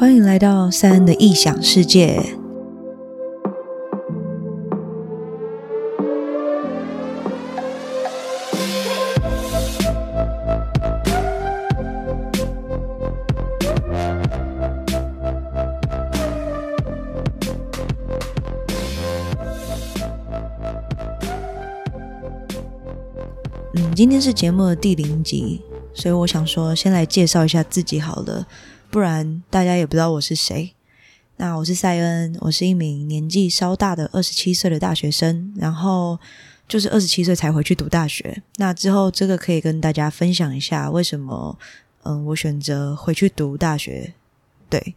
歡迎來到賽恩的異想世界。嗯，今天是節目的第零集，所以我想說，先來介紹一下自己好了。不然大家也不知道我是誰。那我是賽恩，我是一名年紀稍大的二十七歲的大學生，然後就是二十七歲才回去讀大學。那之後，這個可以跟大家分享一下為什麼嗯，我選擇回去讀大學。對，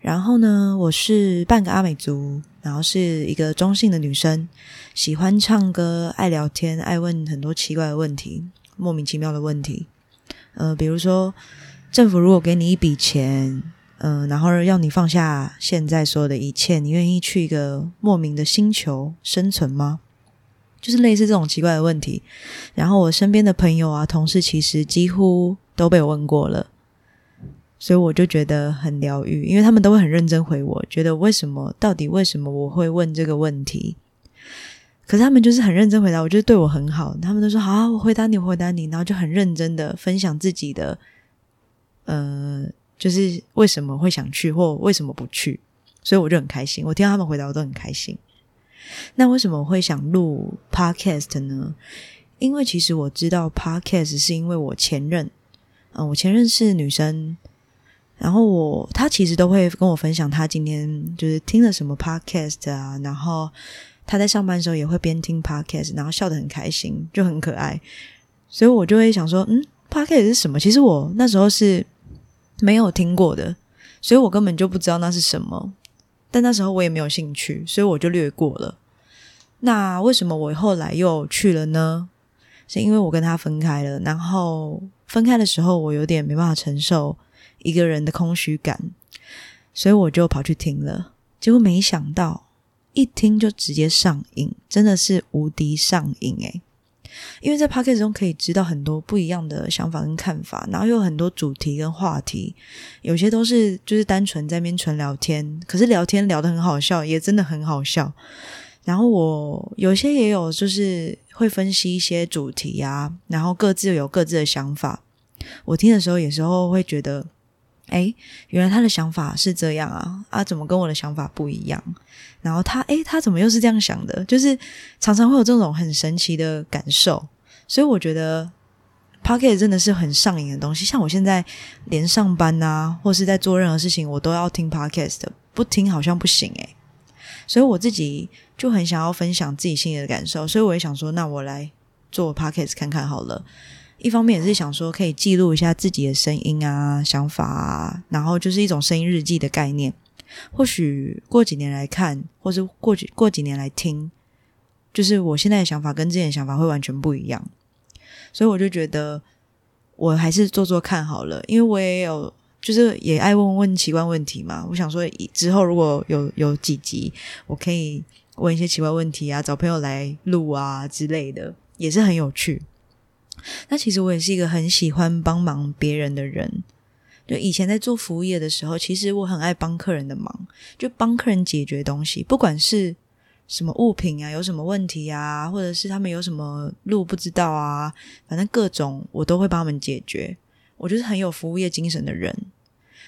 然後呢，我是半個阿美族，然後是一個中性的女生，喜歡唱歌，愛聊天，愛問很多奇怪的問題，莫名其妙的問題，呃，比如說。政府如果給你一筆錢，嗯、呃，然後要你放下現在所有的一切，你願意去一個莫名的星球生存嗎？就是類似這種奇怪的問題。然後我身邊的朋友啊、同事，其實幾乎都被問過了，所以我就覺得很療癒，因為他們都會很認真回我，覺得為什麼，到底為什麼我會問這個問題？可是他們就是很認真回答我，我覺得對我很好。他們都說好、啊，我回答你，我回答你，然後就很認真的分享自己的。呃，就是為什麼會想去或為什麼不去，所以我就很開心。我聽到他們回答，我都很開心。那為什麼會想錄 podcast 呢？因為其實我知道 podcast 是因為我前任，嗯、呃，我前任是女生，然後我她其實都會跟我分享她今天就是聽了什麼 podcast 啊，然後她在上班的時候也會邊聽 podcast，然後笑得很開心，就很可愛。所以我就會想說，嗯，podcast 是什麼？其實我那時候是。沒有聽過的，所以我根本就不知道那是什麼。但那時候我也沒有興趣，所以我就略過了。那為什麼我後來又去了呢？是因為我跟他分開了，然後分開的時候我有點沒辦法承受一個人的空虛感，所以我就跑去聽了。結果沒想到，一聽就直接上癮，真的是無敵上癮誒。因為在 podcast 中可以知道很多不一樣的想法跟看法，然後又有很多主題跟話題，有些都是就是單純在那邊純聊天，可是聊天聊得很好笑，也真的很好笑。然後我有些也有就是會分析一些主題啊，然後各自有各自的想法。我聽的時候，有時候會覺得。哎，原來他的想法是這樣啊！啊，怎麼跟我的想法不一樣？然後他，哎，他怎麼又是這樣想的？就是常常會有這種很神奇的感受，所以我覺得 podcast 真的是很上癮的東西。像我現在連上班啊，或是在做任何事情，我都要聽 podcast，不聽好像不行哎、欸。所以我自己就很想要分享自己心裡的感受，所以我也想說，那我來做 podcast 看看好了。一方面也是想說，可以記錄一下自己的聲音啊、想法啊，然後就是一種聲音日記的概念。或許過幾年來看，或是過去過幾年來聽，就是我現在的想法跟之前的想法會完全不一樣。所以我就覺得，我還是做做看好了，因為我也有，就是也愛問問奇怪問題嘛。我想說，之後如果有有幾集，我可以問一些奇怪問題啊，找朋友來錄啊之類的，也是很有趣。那其實我也是一個很喜歡幫忙別人的人。就以前在做服務業的時候，其實我很愛幫客人的忙，就幫客人解決東西，不管是什麼物品啊，有什麼問題啊，或者是他們有什麼路不知道啊，反正各種我都會幫他們解決。我就是很有服務業精神的人，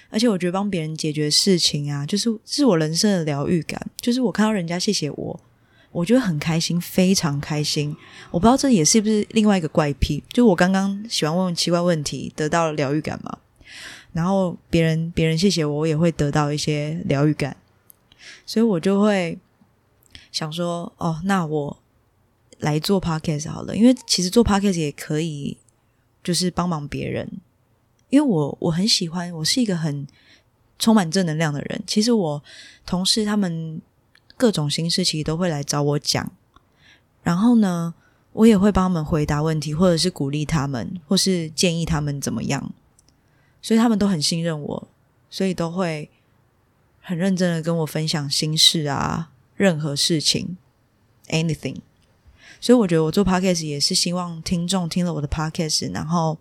而且我覺得幫別人解決事情啊，就是是我人生的療癒感，就是我看到人家謝謝我。我覺得很開心，非常開心。我不知道這也是不是另外一個怪癖，就我剛剛喜歡問奇怪問題，得到了療癒感嘛？然後別人別人謝謝我，我也會得到一些療癒感，所以我就會想說，哦，那我來做 podcast 好了，因為其實做 podcast 也可以，就是幫忙別人，因為我我很喜歡，我是一個很充滿正能量的人。其實我同事他們。各種心事其實都會來找我講，然後呢，我也會幫他們回答問題，或者是鼓勵他們，或是建議他們怎麼樣。所以他們都很信任我，所以都會很認真的跟我分享心事啊，任何事情，anything。所以我覺得我做 podcast 也是希望聽眾聽了我的 podcast，然後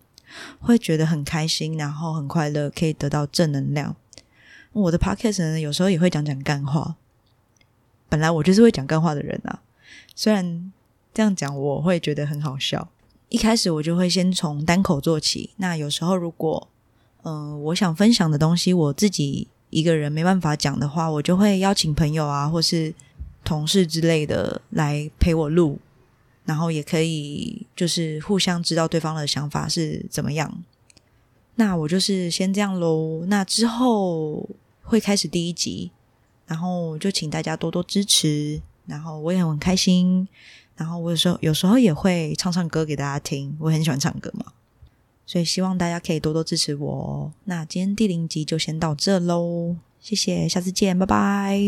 會覺得很開心，然後很快樂，可以得到正能量。我的 podcast 呢，有時候也會講講幹話。本來我就是會講幹話的人啊，雖然這樣講我會覺得很好笑。一開始我就會先從單口做起，那有時候如果嗯、呃、我想分享的東西我自己一個人沒辦法講的話，我就會邀請朋友啊或是同事之類的來陪我錄，然後也可以就是互相知道對方的想法是怎麼樣。那我就是先這樣嘍，那之後會開始第一集。然後就請大家多多支持，然後我也很開心。然後我有時候有時候也會唱唱歌給大家聽，我很喜歡唱歌嘛。所以希望大家可以多多支持我。那今天第零集就先到這嘍，謝謝，下次見，拜拜。